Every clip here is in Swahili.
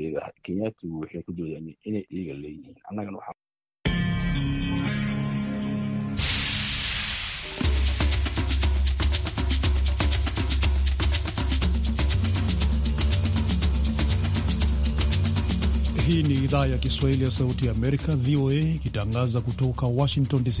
ayaga kenyaatigu waxay ku doodaan inay iyaga leeyihiin anagana waxaa Hii ni idhaa ya Kiswahili ya Sauti ya Amerika, VOA, ikitangaza kutoka Washington DC.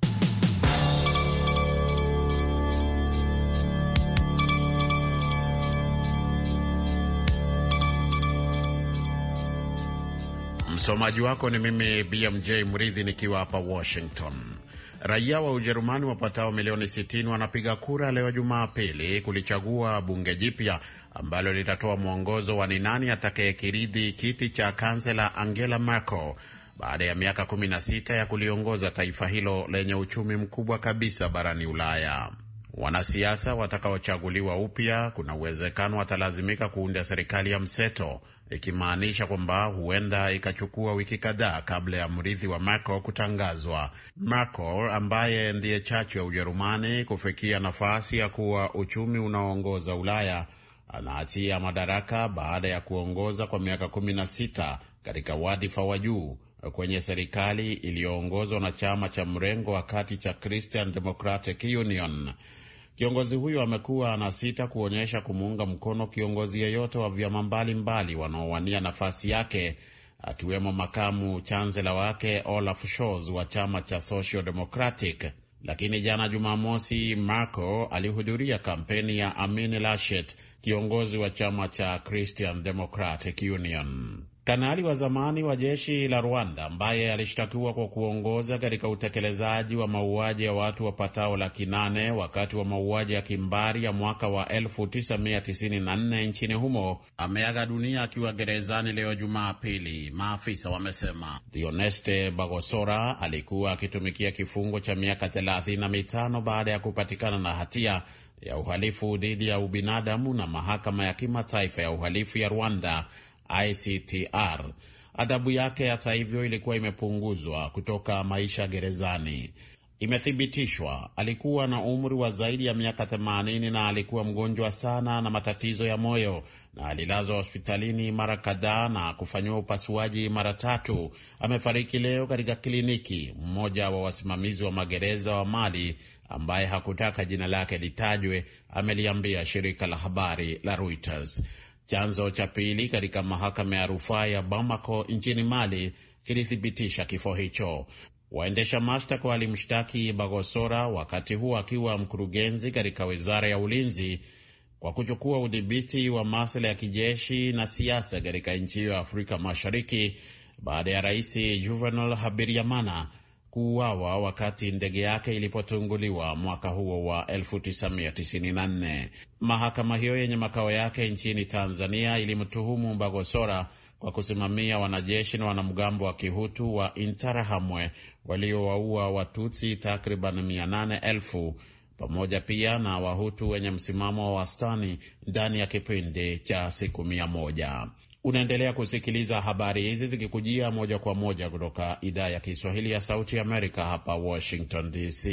Msomaji wako ni mimi BMJ Mridhi nikiwa hapa Washington. Raia wa Ujerumani wapatao milioni 60 wanapiga kura leo Jumapili kulichagua bunge jipya ambalo litatoa mwongozo wa ni nani atakayekiridhi kiti cha kansela Angela Merkel baada ya miaka 16 ya kuliongoza taifa hilo lenye uchumi mkubwa kabisa barani Ulaya. Wanasiasa watakaochaguliwa upya, kuna uwezekano watalazimika kuunda serikali ya mseto ikimaanisha kwamba huenda ikachukua wiki kadhaa kabla ya mrithi wa Merkel kutangazwa. Merkel ambaye ndiye chachu ya Ujerumani kufikia nafasi ya kuwa uchumi unaoongoza Ulaya anaachia madaraka baada ya kuongoza kwa miaka kumi na sita katika wadhifa wa juu kwenye serikali iliyoongozwa na chama cha mrengo wa kati cha Christian Democratic Union. Kiongozi huyo amekuwa anasita kuonyesha kumuunga mkono kiongozi yeyote wa vyama mbalimbali wanaowania nafasi yake akiwemo makamu chansela wake Olaf Scholz wa chama cha Social Democratic. Lakini jana Jumamosi, Marco alihudhuria kampeni ya Amin lashet kiongozi wa chama cha Christian Democratic Union. Kanali wa zamani wa jeshi la Rwanda ambaye alishtakiwa kwa kuongoza katika utekelezaji wa mauaji ya watu wapatao laki nane wakati wa mauaji ya kimbari ya mwaka wa 1994 nchini humo ameaga dunia akiwa gerezani leo Jumapili, maafisa wamesema. Dioneste Bagosora alikuwa akitumikia kifungo cha miaka 35 baada ya kupatikana na hatia ya uhalifu dhidi ya ubinadamu na mahakama ya kimataifa ya uhalifu ya Rwanda ICTR. Adhabu yake hata hivyo ilikuwa imepunguzwa kutoka maisha gerezani. Imethibitishwa alikuwa na umri wa zaidi ya miaka 80 na alikuwa mgonjwa sana na matatizo ya moyo na alilazwa hospitalini mara kadhaa na kufanyiwa upasuaji mara tatu. Amefariki leo katika kliniki. Mmoja wa wasimamizi wa magereza wa Mali ambaye hakutaka jina lake litajwe ameliambia shirika la habari la Reuters. Chanzo cha pili katika mahakama ya rufaa ya Bamako nchini Mali kilithibitisha kifo hicho. Waendesha mashtaka walimshtaki Bagosora wakati huo akiwa mkurugenzi katika wizara ya ulinzi kwa kuchukua udhibiti wa masuala ya kijeshi na siasa katika nchi hiyo ya Afrika Mashariki baada ya Rais Juvenal Habyarimana kuuawa wakati ndege yake ilipotunguliwa mwaka huo wa 1994. Mahakama hiyo yenye makao yake nchini Tanzania ilimtuhumu Mbagosora kwa kusimamia wanajeshi na wanamgambo wa Kihutu wa Interahamwe waliowaua Watutsi takriban 800,000 pamoja pia na Wahutu wenye msimamo wa wastani ndani ya kipindi cha siku mia moja. Unaendelea kusikiliza habari hizi zikikujia moja kwa moja kutoka idhaa ya Kiswahili ya Sauti Amerika hapa Washington DC.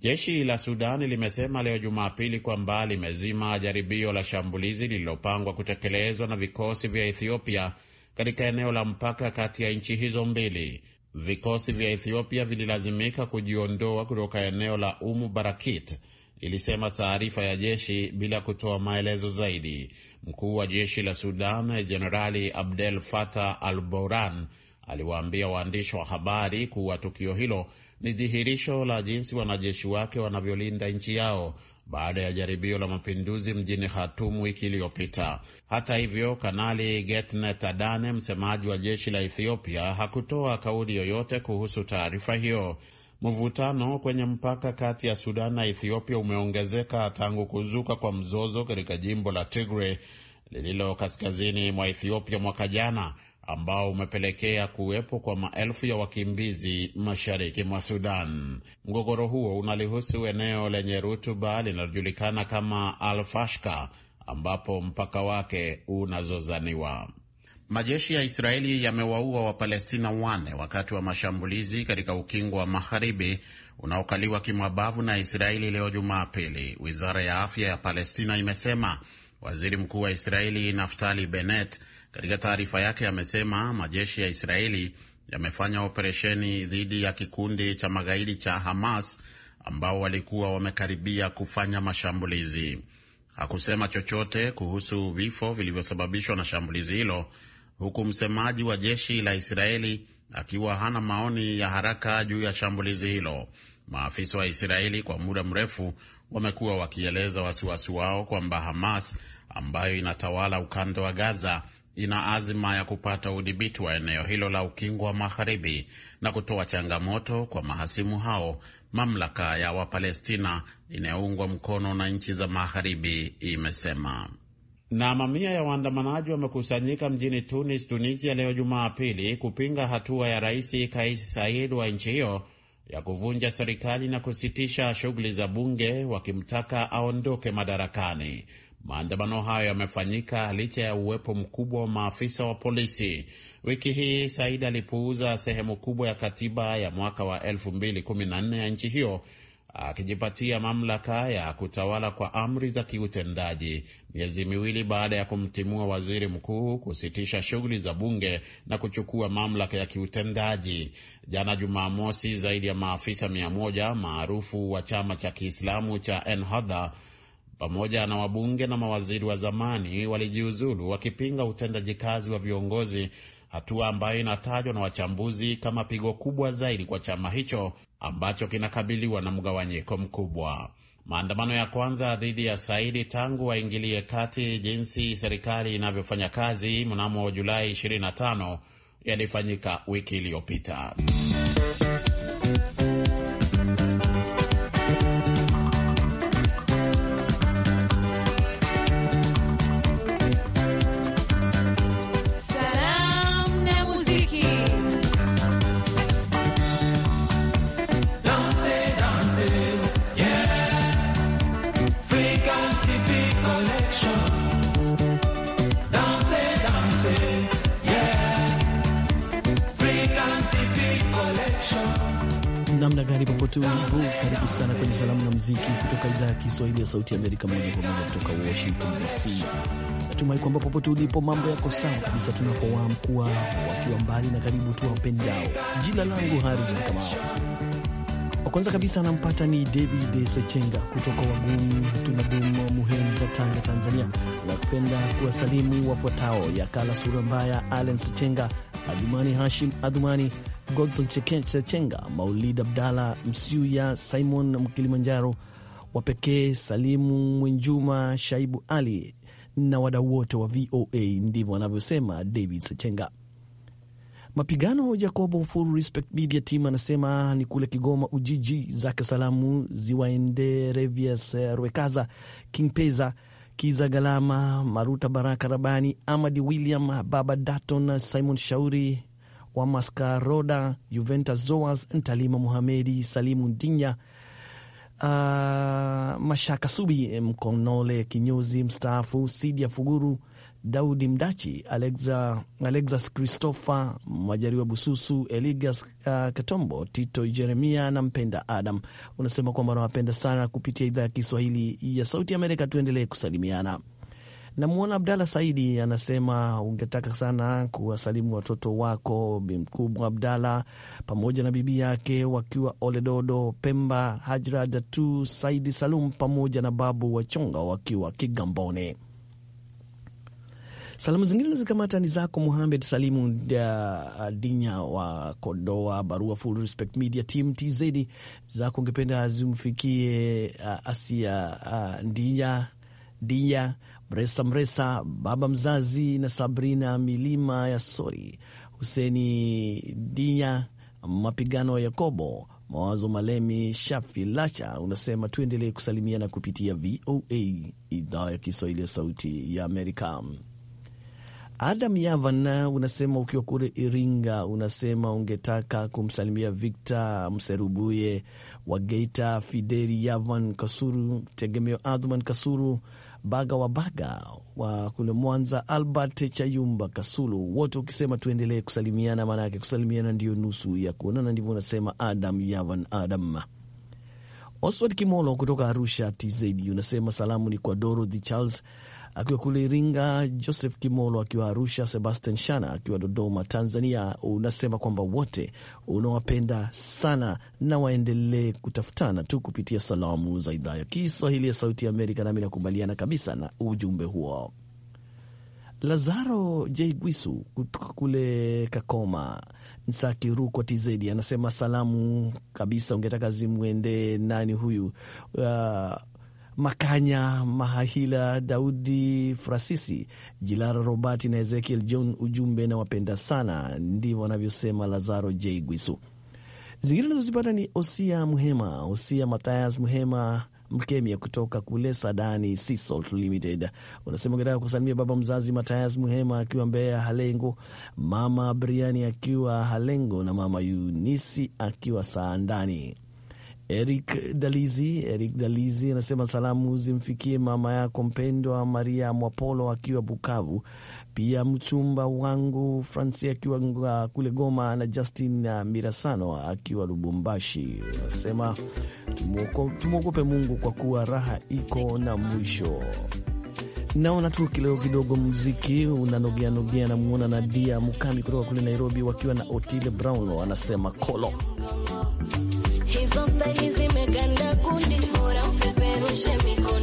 Jeshi la Sudani limesema leo Jumapili kwamba limezima jaribio la shambulizi lililopangwa kutekelezwa na vikosi vya Ethiopia katika eneo la mpaka kati ya nchi hizo mbili. Vikosi vya Ethiopia vililazimika kujiondoa kutoka eneo la Umu Barakit ilisema taarifa ya jeshi bila kutoa maelezo zaidi. Mkuu wa jeshi la Sudan Jenerali Abdel Fattah al-Burhan aliwaambia waandishi wa habari kuwa tukio hilo ni dhihirisho la jinsi wanajeshi wake wanavyolinda nchi yao baada ya jaribio la mapinduzi mjini Khartoum wiki iliyopita. Hata hivyo, Kanali Getnet Adane, msemaji wa jeshi la Ethiopia, hakutoa kauli yoyote kuhusu taarifa hiyo. Mvutano kwenye mpaka kati ya Sudan na Ethiopia umeongezeka tangu kuzuka kwa mzozo katika jimbo la Tigre lililo kaskazini mwa Ethiopia mwaka jana, ambao umepelekea kuwepo kwa maelfu ya wakimbizi mashariki mwa Sudan. Mgogoro huo unalihusu eneo lenye rutuba linalojulikana kama Al Fashka ambapo mpaka wake unazozaniwa. Majeshi ya Israeli yamewaua Wapalestina wane wakati wa mashambulizi katika ukingo wa magharibi unaokaliwa kimabavu na Israeli leo Jumapili, wizara ya afya ya Palestina imesema. Waziri mkuu wa Israeli Naftali Bennett katika taarifa yake amesema majeshi ya Israeli yamefanya operesheni dhidi ya kikundi cha magaidi cha Hamas ambao walikuwa wamekaribia kufanya mashambulizi. Hakusema chochote kuhusu vifo vilivyosababishwa na shambulizi hilo huku msemaji wa jeshi la Israeli akiwa hana maoni ya haraka juu ya shambulizi hilo. Maafisa wa Israeli kwa muda mrefu wamekuwa wakieleza wasiwasi wao kwamba Hamas ambayo inatawala ukanda wa Gaza ina azima ya kupata udhibiti wa eneo hilo la ukingo wa magharibi na kutoa changamoto kwa mahasimu hao. Mamlaka ya Wapalestina inayoungwa mkono na nchi za magharibi imesema na mamia ya waandamanaji wamekusanyika mjini Tunis, Tunisia leo Jumapili kupinga hatua ya Rais Kais Saied wa nchi hiyo ya kuvunja serikali na kusitisha shughuli za bunge, wakimtaka aondoke madarakani. Maandamano hayo yamefanyika licha ya uwepo mkubwa wa maafisa wa polisi. Wiki hii Said alipuuza sehemu kubwa ya katiba ya mwaka wa 2014 ya nchi hiyo akijipatia mamlaka ya kutawala kwa amri za kiutendaji miezi miwili baada ya kumtimua waziri mkuu, kusitisha shughuli za bunge na kuchukua mamlaka ya kiutendaji. Jana Jumamosi, zaidi ya maafisa mia moja maarufu wa chama cha Kiislamu cha Ennahda pamoja na wabunge na mawaziri wa zamani walijiuzulu wakipinga utendaji kazi wa viongozi, hatua ambayo inatajwa na wachambuzi kama pigo kubwa zaidi kwa chama hicho ambacho kinakabiliwa na mgawanyiko mkubwa. Maandamano ya kwanza dhidi ya Saidi tangu waingilie kati jinsi serikali inavyofanya kazi mnamo Julai 25 yalifanyika wiki iliyopita. Shomari, popote ulipo, karibu sana kwenye salamu na muziki kutoka idhaa ya Kiswahili ya Sauti ya Amerika, moja kwa moja kutoka Washington DC. Natumai kwamba popote ulipo mambo yako sawa kabisa, tunapowaa wakiwa mbali na karibu tu wapendao. Jina langu Harizon Kamau. Wa kwanza kabisa anampata ni David Sechenga kutoka Wagumu Tunadumu, Muheza, Tanga, Tanzania. Napenda kuwasalimu wafuatao: Yakala Sura Mbaya, Alen Sechenga, Adhumani Hashim Adhumani Godson Chechenga, Maulid Abdala Msiuya, Simon Mkilimanjaro, Wapekee Salimu Mwenjuma, Shaibu Ali na wadau wote wa VOA. Ndivyo anavyosema David Sechenga. Mapigano Jacobo Full Respect Media Team anasema ni kule Kigoma Ujiji, zake salamu ziwaende Rwekaza, King Peza, Kiza Galama, Maruta Baraka Rabani, Amadi William, Baba Daton, Simon Shauri, wa Mascaroda, Juventus Zoas, Ntalima Muhamedi, Salimu Ndinya, uh, Mashaka Subi, Mkonole kinyozi mstaafu, Sidia Fuguru, Daudi Mdachi, Alexa, Alexas Christopher Majariwa, Bususu Eligas, uh, Katombo, Tito Jeremia na Mpenda Adam. Unasema kwamba unawapenda sana kupitia idhaa ya Kiswahili ya Sauti Amerika. Tuendelee kusalimiana. Namwona Abdalla Saidi anasema ungetaka sana kuwasalimu watoto wako Bimkubwa Abdalla pamoja na bibi yake wakiwa Oledodo, Pemba, Hajra Datu Saidi Salum pamoja na babu Wachonga wakiwa Kigamboni. Salamu zingine zikamata ni zako Muhamed Salimu Dinya wa Kodoa, barua Full Respect Media Team TZ zako ungependa zimfikie uh, Asia uh, Dinya Dinya Mresa Mresa, baba mzazi na Sabrina Milima ya Sori, Huseni Dinya, Mapigano ya Yakobo, Mawazo Malemi, Shafi Lacha. Unasema tuendelee kusalimiana kupitia VOA idhaa ya Kiswahili ya Sauti ya Amerika. Adam Yavan unasema ukiwa kule Iringa, unasema ungetaka kumsalimia Victor Mserubuye wa Geita, Fideli Yavan Kasuru, Tegemeo Adhman Kasuru, Baga wa Baga wa kule Mwanza, Albert Chayumba Kasulu, wote ukisema tuendelee kusalimiana, yake kusalimiana ndiyo nusu ya kuonana, ndivyo unasema Adam Yavan Adam. Oswald Kimolo kutoka Arusha TZ unasema salamu ni kwa Dorothy Charles akiwa kule Iringa, Joseph Kimolo akiwa Arusha, Sebastian Shana akiwa Dodoma, Tanzania. Unasema kwamba wote unawapenda sana na waendelee kutafutana tu kupitia salamu za idhaa ya Kiswahili ya Sauti ya Amerika, nami nakubaliana kabisa na ujumbe huo. Lazaro J Gwisu kutoka kule Kakoma, Nsaki, Rukwa, anasema salamu kabisa ungetaka zimwendee nani huyu? Uh, Makanya Mahahila, Daudi Frasisi, Jilara Robati na Ezekiel John. Ujumbe na wapenda sana, ndivyo wanavyosema Lazaro J Gwisu. Zingine nazozipata ni Osia Muhema, Osia Matayas Muhema Mkemia kutoka kule Sadani Sea Salt Limited, unasema ungetaka kusalimia baba mzazi Matayas Muhema akiwa Mbeya Halengo, mama Briani akiwa Halengo na mama Yunisi akiwa Saandani. Eric Dalizi. Eric Dalizi anasema salamu zimfikie mama yako mpendwa Maria Mwapolo akiwa Bukavu, pia mchumba wangu Franci akiwa kule Goma na Justin na Mirasano akiwa Lubumbashi. Anasema tumwogope Mungu kwa kuwa raha iko na mwisho. Naona tu kileo kidogo muziki unanogeanogea. Namwona Nadia Mukami kutoka kule Nairobi wakiwa na Otile Brown, anasema kolo hizo style zimeganda kundi, bora upeperushe mikono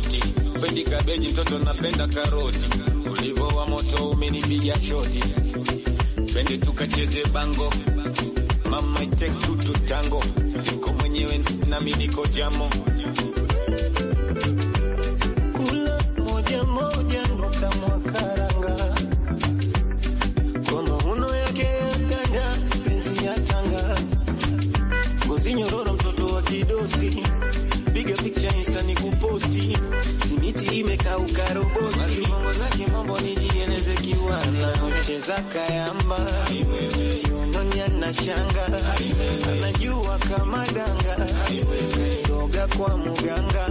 tofauti. Pendi kabeji mtoto napenda karoti, ulivo wa moto umenipiga shoti. Twende tukacheze bango, mama it takes two to tango. Niko mwenyewe nami niko jamo kula moja moja nukta moja za kayamba, kiononya na shanga, anajua kama danga, kairoga kwa muganga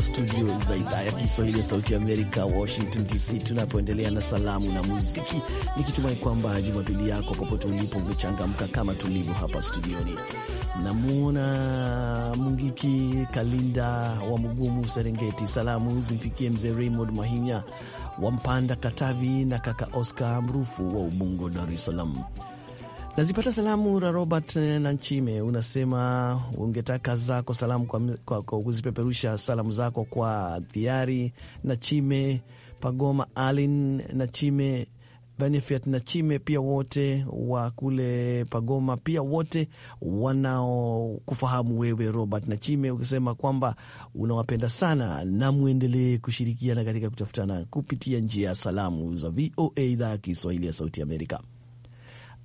hapa studio za idhaa ya Kiswahili ya Sauti Amerika, Washington DC, tunapoendelea na salamu na muziki, nikitumai kwamba Jumapili yako popote ulipo umechangamka kama tulivyo hapa studioni. Namwona Mungiki Kalinda wa Mugumu, Serengeti. Salamu zimfikie mzee Raymond Mahinya wa Mpanda, Katavi, na kaka Oscar Mrufu wa Ubungo, Dar es Salaam. Nazipata salamu la Robert Nanchime, unasema ungetaka zako salamu kwa, kwa, kwa kuzipeperusha salamu zako kwa Thiari Nachime, Pagoma Alin Nachime, Benefiat Nachime, pia wote wa kule Pagoma, pia wote wanaokufahamu wewe Robert Nachime, ukisema kwamba unawapenda sana na mwendelee kushirikiana katika kutafutana kupitia njia ya salamu za VOA idhaa ya Kiswahili ya Sauti Amerika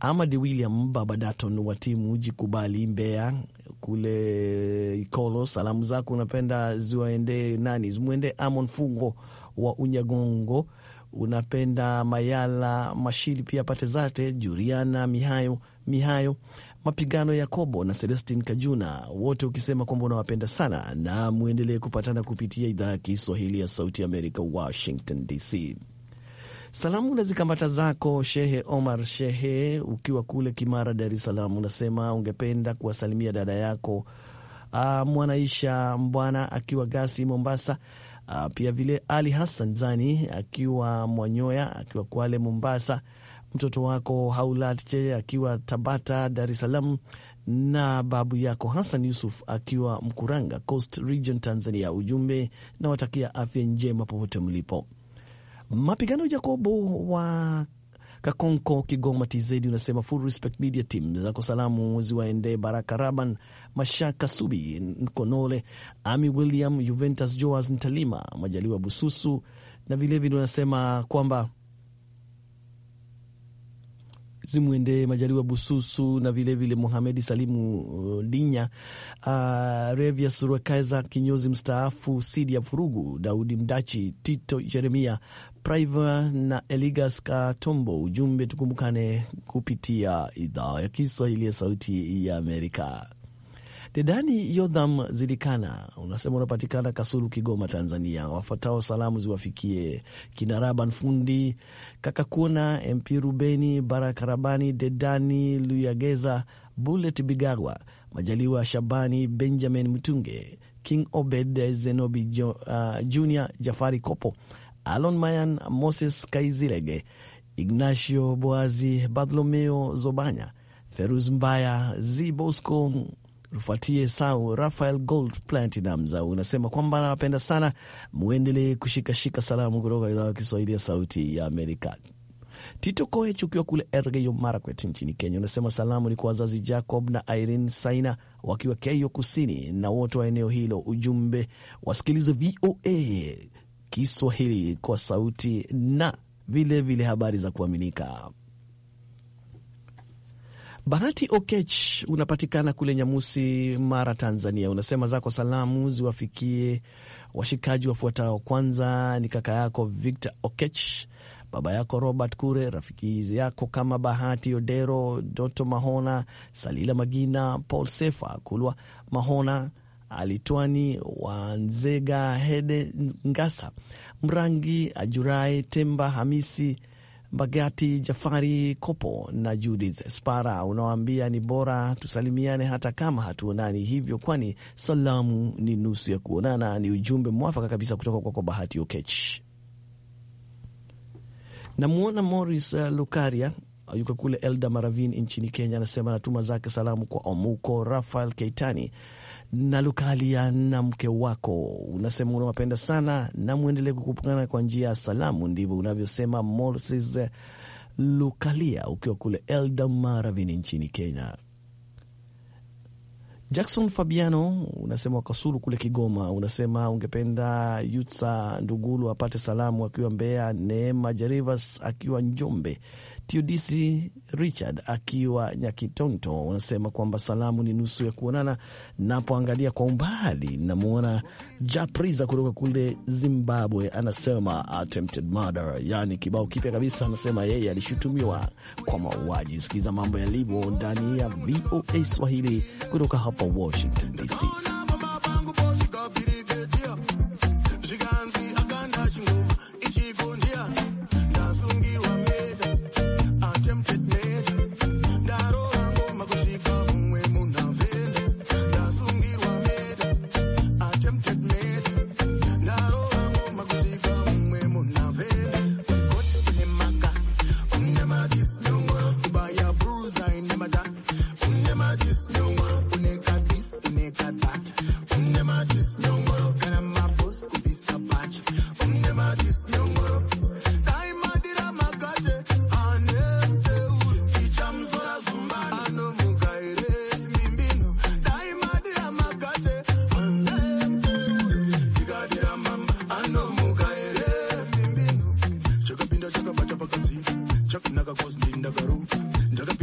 amad William Babadaton wa timu Jikubali Mbeya kule Ikolo. Salamu zako unapenda ziwaendee nani? Zimwende Amon Fungo wa Unyagongo, unapenda Mayala Mashili, pia pate zate juriana Mihayo Mihayo Mapigano Yakobo na Celestin Kajuna, wote ukisema kwamba unawapenda sana na mwendelee kupatana kupitia idhaa ya Kiswahili ya Sauti Amerika, Washington DC. Salamu na zikamata zako Shehe Omar Shehe, ukiwa kule Kimara, Dar es Salaam, unasema ungependa kuwasalimia dada yako uh, Mwanaisha Mbwana akiwa Gasi, Mombasa. Uh, pia vile Ali Hassan Zani akiwa Mwanyoya akiwa Kwale, Mombasa, mtoto wako Che akiwa Tabata, Dar es Salaam, na babu yako Hassan Yusuf akiwa Mkuranga, Coast Region, Tanzania. Ujumbe nawatakia afya njema popote mlipo. Mapigano Jacobo wa Kakonko, Kigoma TZ unasema full respect media team zako salamu ziwaende Baraka Raban, Mashaka Subi, Nkonole, Ami William, Juventus Joas, Ntalima Majaliwa Bususu, na vilevile unasema kwamba zimwendee Majaliwa Bususu na vilevile Muhamedi Salimu uh, Dinya, uh, Revia Surekaza kinyozi mstaafu, Sidi ya Furugu, Daudi Mdachi, Tito Jeremia, Priva na Eligas Katombo. Ujumbe tukumbukane kupitia idhaa ya Kiswahili ya Sauti ya Amerika. Dedani Yodham Zilikana unasema unapatikana Kasulu, Kigoma, Tanzania. Wafuatao salamu ziwafikie Kinaraban Fundi Kakakuna, MP Rubeni Barakarabani, Dedani Luyageza, Bullet Bigagwa, Majaliwa Shabani, Benjamin Mtunge, King Obed Zenobi uh, Junior, Jafari Kopo Alon Mayan, Moses Kaizilege, Ignacio Boazi, Bartholomeo Zobanya, ferus Mbaya, Z Bosco Rufatie Sau, Rafael Gold Platinum za unasema kwamba nawapenda sana, mwendelee kushikashika salamu kutoka idhaa ya Kiswahili ya Sauti ya Amerika. Tito Koech ukiwa kule Elgeyo Marakwet nchini Kenya, unasema salamu ni kwa wazazi Jacob na Irene Saina wakiwa Keyo Kusini na wote wa eneo hilo. Ujumbe wasikilize VOA Kiswahili kwa sauti na vilevile vile habari za kuaminika. Bahati Okech unapatikana kule Nyamusi, Mara, Tanzania. Unasema zako salamu ziwafikie washikaji wafuatao. Kwanza ni kaka yako Victor Okech, baba yako Robert Kure, rafiki yako kama Bahati Odero, Doto Mahona, Salila Magina, Paul Sefa Kulwa Mahona Alitwani wa Nzega, Hede Ngasa, Mrangi Ajurai, Temba Hamisi, Bagati Jafari Kopo na Judith Spara. Unawaambia ni bora tusalimiane hata kama hatuonani hivyo, kwani salamu ni nusu ya kuonana. Ni ujumbe mwafaka kabisa kutoka kwako Bahati Okech. Namwona moris uh, Lukaria uh, yuko kule Elda Maravin nchini Kenya, anasema anatuma zake salamu kwa Omuko Rafael Keitani na lukalia na mke wako, unasema unawapenda sana na mwendelee kukupana kwa njia ya salamu. Ndivyo unavyosema Moses Lukalia ukiwa kule Eldamaravini nchini Kenya. Jackson Fabiano unasema wakasuru kule Kigoma, unasema ungependa Yutsa Ndugulu apate salamu akiwa Mbeya, Neema Jerivas akiwa Njombe, Tudisi Richard akiwa nyakitonto anasema kwamba salamu ni nusu ya kuonana. Napoangalia kwa umbali, namwona Japriza kutoka kule Zimbabwe, anasema attempted murder, yaani kibao kipya kabisa. Anasema yeye alishutumiwa kwa mauaji. Sikiza mambo yalivyo ndani ya VOA Swahili kutoka hapa Washington DC. chak naga garu, bin daga ru jaga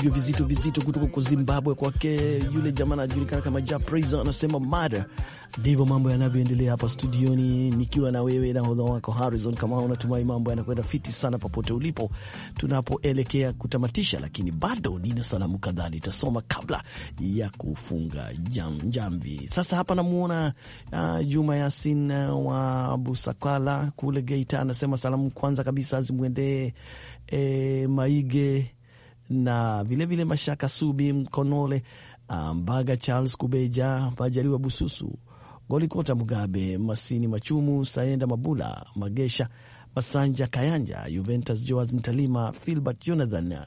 hivyo vizito vizito kutoka kwa Zimbabwe, kwake yule jamaa anajulikana kama Japrasa, anasema mada. Ndivyo mambo yanavyoendelea hapa studioni, nikiwa na wewe na hodha wako Harrison Kamau. Natumai mambo yanakwenda fiti sana popote ulipo, tunapoelekea kutamatisha, lakini bado nina salamu kadhaa nitasoma kabla ya kufunga jam, jamvi. Sasa hapa namuona uh, Juma Yasin uh, wa Busakala kule Geita, anasema salamu kwanza kabisa zimwendee eh, Maige na vilevile vile Mashaka Subi Mkonole, ah, Mbaga Charles Kubeja, Majaliwa Bususu, Golikota Mugabe, Masini Machumu, Saenda Mabula, Magesha Masanja Kayanja, Juventus Joas Ntalima, Filbert Jonathan ah,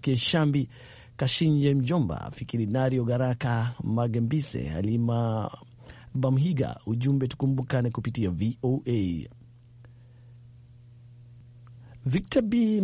Keshambi, Kashinje Mjomba, Fikiri Nario, Garaka Magembise, Halima Bamhiga. Ujumbe, tukumbukane kupitia VOA. Victor B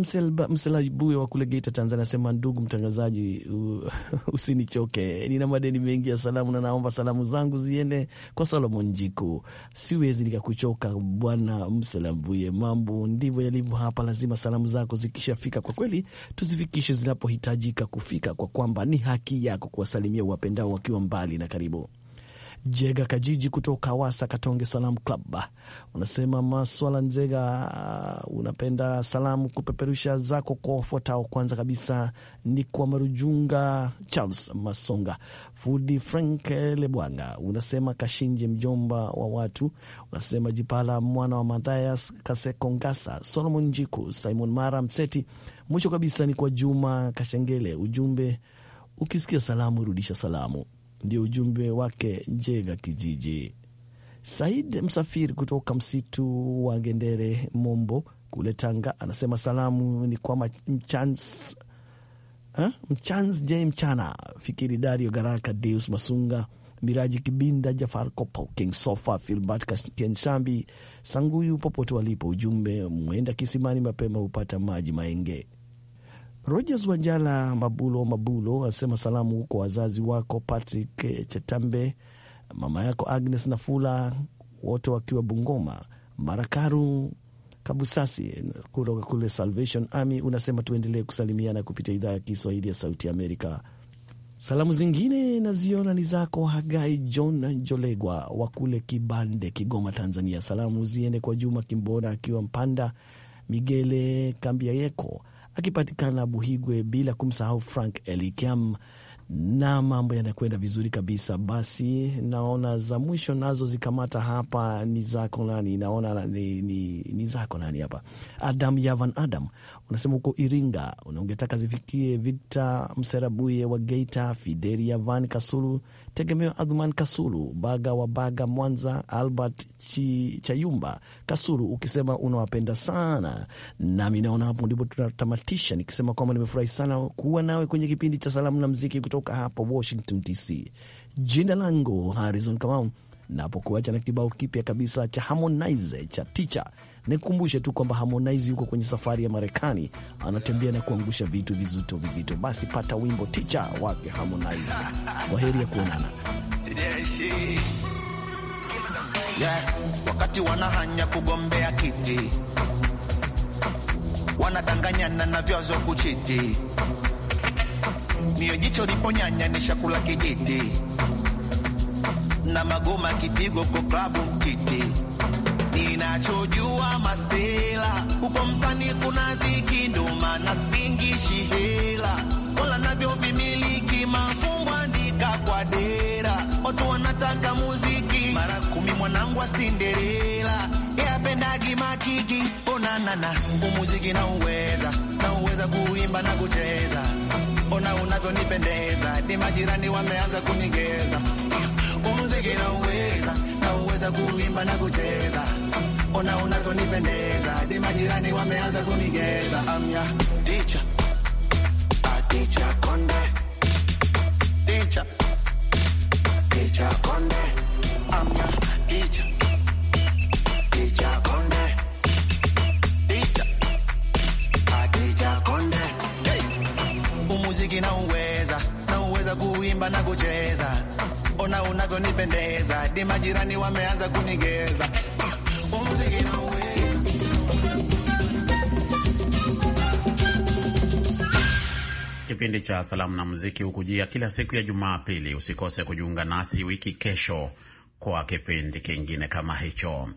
mselabue wa kule Geita, Tanzania anasema ndugu mtangazaji, usinichoke, nina madeni mengi ya salamu na naomba salamu zangu ziende kwa Solomon Jiku. Siwezi nikakuchoka bwana Mselaibuye, mambo ndivyo yalivyo hapa. Lazima salamu zako zikishafika, kwa kweli tuzifikishe zinapohitajika kufika, kwa kwamba ni haki yako kuwasalimia uwapendao wakiwa mbali na karibu. Jega Kajiji kutoka Wasa Katonge Salam Club unasema Maswala Nzega, unapenda salamu kupeperusha zako kwa wafuatao. Kwanza kabisa ni kwa Marujunga Charles Masonga, Fudi Frank Lebwanga, unasema Kashinje mjomba wa watu, unasema Jipala mwana wa Mathayas Kaseko Ngasa, Solomon Njiku, Simon Mara Mseti. Mwisho kabisa ni kwa Juma Kashengele, ujumbe ukisikia salamu rudisha salamu. Ndio ujumbe wake Njega Kijiji. Said Msafiri kutoka msitu wa Gendere, Mombo kule Tanga, anasema salamu ni kwa eh, Mchans J Mchana, Fikiri Dario, Garaka Deus Masunga, Miraji Kibinda, Jafar Kopo King Sofa, Filbert Kensambi Sanguyu, popote walipo. Ujumbe, mwenda kisimani mapema hupata maji maenge. Rogers Wanjala Mabulo Mabulo asema salamu kwa wazazi wako Patrick Chetambe, mama yako Agnes Nafula, wote wakiwa Bungoma, Marakaru Kabusasi kutoka kule Salvation Army. Unasema tuendelee kusalimiana kupitia idhaa ya Kiswahili ya Sauti Amerika. Salamu zingine naziona ni zako Hagai John Jolegwa wa kule Kibande, Kigoma, Tanzania. Salamu ziende kwa Juma Kimbona akiwa Mpanda, Migele Kambiayeko akipatikana Buhigwe, bila kumsahau Frank elikam na mambo yanakwenda vizuri kabisa. Basi naona za mwisho nazo zikamata hapa. Ni zako nani? Naona ni, ni, ni zako nani hapa? Adam Yavan Adam, unasema huko Iringa, unaongetaka zifikie vikta Mserabuye wa Geita, Fideri Yavan Kasulu, Tegemeo Adhman Kasulu Baga wa Baga Mwanza, Albert Chayumba Kasulu, ukisema unawapenda sana nami naona hapo ndipo tunatamatisha nikisema kwamba nimefurahi sana kuwa nawe kwenye kipindi cha salamu na mziki kutoka hapa Washington DC. Jina langu Harrison Kamau, napokuacha na kibao kipya kabisa cha Harmonize cha Ticha nikukumbushe tu kwamba Harmonize yuko kwenye safari ya Marekani, anatembea na kuangusha vitu vizito vizito. Basi pata wimbo ticha wake Harmonize. Kwa heri ya kuonana. Yeah, wakati wanahanya kugombea kiti wanadanganyana na vyozo kuchiti, niyo jicho liponyanya ni shakula kijiti na magoma kipigo kwa klabu mkiti ninachojua masela uko mtani, kuna dhiki, ndo maana singishi hela wala navyo vimiliki, mafungwa andika kwa dera, watu wanatanga muziki mara kumi, mwanangu wa Cinderella yapendagi makiki onanana, umuziki nauweza, nauweza kuimba na kucheza, ona unavyonipendeza, ni majirani wameanza kunigeza, umuziki nauweza nimeanza kuimba na kucheza, ona unavyonipendeza, hadi majirani wameanza kunigeza. Amya ticha aticha konde ticha ticha konde amya ticha hey. Umuziki na uweza na uweza kuimba na kucheza kunipendeza, hadi majirani wameanza kunigeza Kipindi cha salamu na muziki hukujia kila siku ya Jumapili. Usikose kujiunga nasi wiki kesho kwa kipindi kingine kama hicho.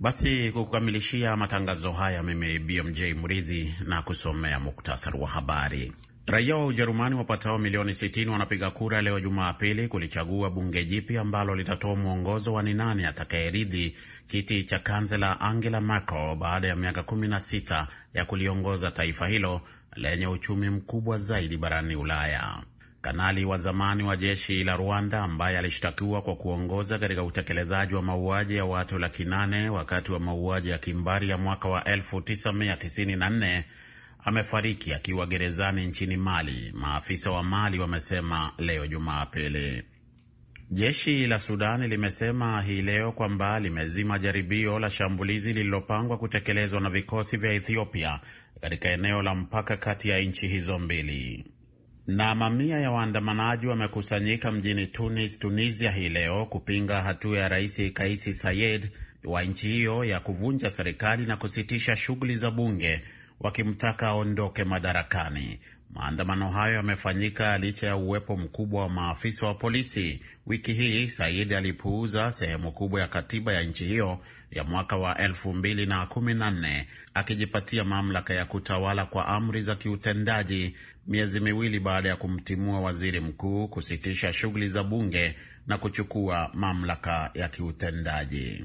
Basi kukamilishia matangazo haya, mimi BMJ Mridhi na kusomea muktasari wa habari. Raia wa Ujerumani wapatao milioni 60 wanapiga kura leo Jumapili kulichagua bunge jipya ambalo litatoa mwongozo wa ni nani atakayeridhi kiti cha kansela Angela Merkel baada ya miaka 16 ya kuliongoza taifa hilo lenye uchumi mkubwa zaidi barani Ulaya. Kanali wa zamani wa jeshi la Rwanda ambaye alishtakiwa kwa kuongoza katika utekelezaji wa mauaji ya watu laki nane wakati wa mauaji ya kimbari ya mwaka wa 1994 amefariki akiwa gerezani nchini Mali, maafisa wa Mali wamesema leo Jumapili. Jeshi la Sudani limesema hii leo kwamba limezima jaribio la shambulizi lililopangwa kutekelezwa na vikosi vya Ethiopia katika eneo la mpaka kati ya nchi hizo mbili. Na mamia ya waandamanaji wamekusanyika mjini Tunis, Tunisia hii leo kupinga hatua ya Rais kaisi sayed wa nchi hiyo ya kuvunja serikali na kusitisha shughuli za bunge wakimtaka aondoke madarakani. Maandamano hayo yamefanyika licha ya uwepo mkubwa wa maafisa wa polisi. Wiki hii Said alipuuza sehemu kubwa ya katiba ya nchi hiyo ya mwaka wa elfu akijipatia mamlaka ya kutawala kwa amri za kiutendaji, miezi miwili baada ya kumtimua waziri mkuu, kusitisha shughuli za bunge na kuchukua mamlaka ya kiutendaji.